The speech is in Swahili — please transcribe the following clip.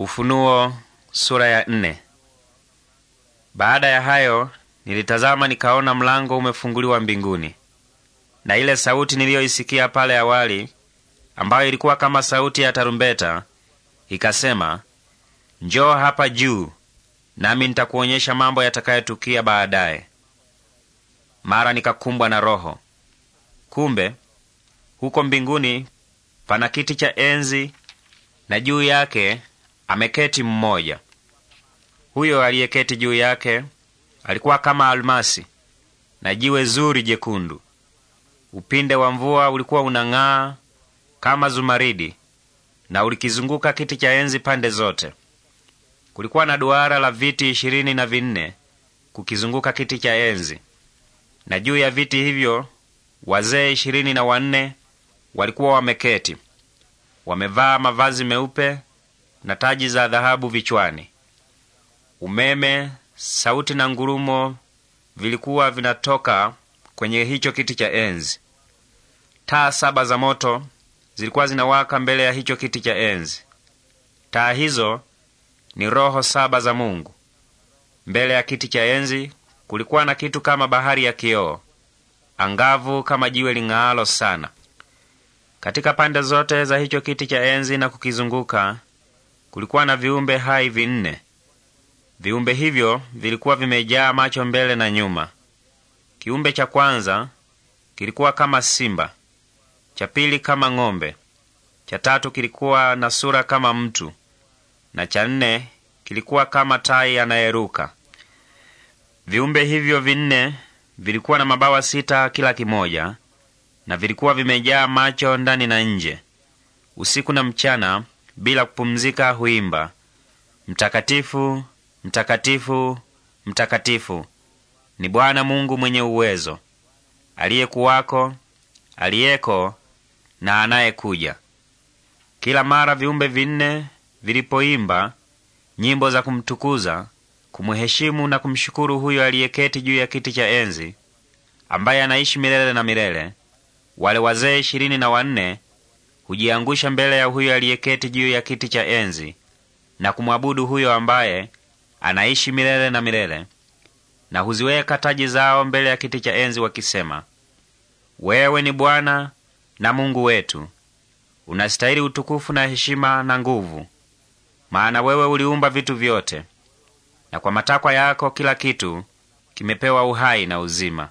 Ufunuo sura ya nne. Baada ya hayo nilitazama nikaona mlango umefunguliwa mbinguni, na ile sauti niliyoisikia pale awali, ambayo ilikuwa kama sauti ya tarumbeta, ikasema, njoo hapa juu, nami nitakuonyesha mambo yatakayotukia baadaye. Mara nikakumbwa na Roho. Kumbe huko mbinguni pana kiti cha enzi na juu yake ameketi mmoja. Huyo aliyeketi juu yake alikuwa kama almasi na jiwe zuri jekundu. Upinde wa mvua ulikuwa unang'aa kama zumaridi na ulikizunguka kiti cha enzi pande zote. Kulikuwa na duara la viti ishirini na vinne kukizunguka kiti cha enzi, na juu ya viti hivyo wazee ishirini na wanne walikuwa wameketi, wamevaa mavazi meupe na taji za dhahabu vichwani. Umeme, sauti na ngurumo vilikuwa vinatoka kwenye hicho kiti cha enzi. Taa saba za moto zilikuwa zinawaka mbele ya hicho kiti cha enzi. Taa hizo ni roho saba za Mungu. Mbele ya kiti cha enzi kulikuwa na kitu kama bahari ya kioo angavu kama jiwe ling'aalo sana, katika pande zote za hicho kiti cha enzi na kukizunguka kulikuwa na viumbe hai vinne. Viumbe hivyo vilikuwa vimejaa macho mbele na nyuma. Kiumbe cha kwanza kilikuwa kama simba, cha pili kama ng'ombe, cha tatu kilikuwa na sura kama mtu, na cha nne kilikuwa kama tai anayeruka. Viumbe hivyo vinne vilikuwa na mabawa sita kila kimoja, na vilikuwa vimejaa macho ndani na nje. Usiku na mchana bila kupumzika huimba, mtakatifu, mtakatifu, mtakatifu ni Bwana Mungu mwenye uwezo, aliyekuwako, aliyeko na anayekuja. Kila mara viumbe vinne vilipoimba nyimbo za kumtukuza, kumheshimu na kumshukuru huyo aliyeketi juu ya kiti cha enzi, ambaye anaishi milele na milele, wale wazee ishirini na wanne hujiangusha mbele ya huyo aliyeketi juu ya kiti cha enzi na kumwabudu huyo ambaye anaishi milele na milele, na huziweka taji zao mbele ya kiti cha enzi wakisema, wewe ni Bwana na Mungu wetu, unastahili utukufu na heshima na nguvu, maana wewe uliumba vitu vyote, na kwa matakwa yako kila kitu kimepewa uhai na uzima.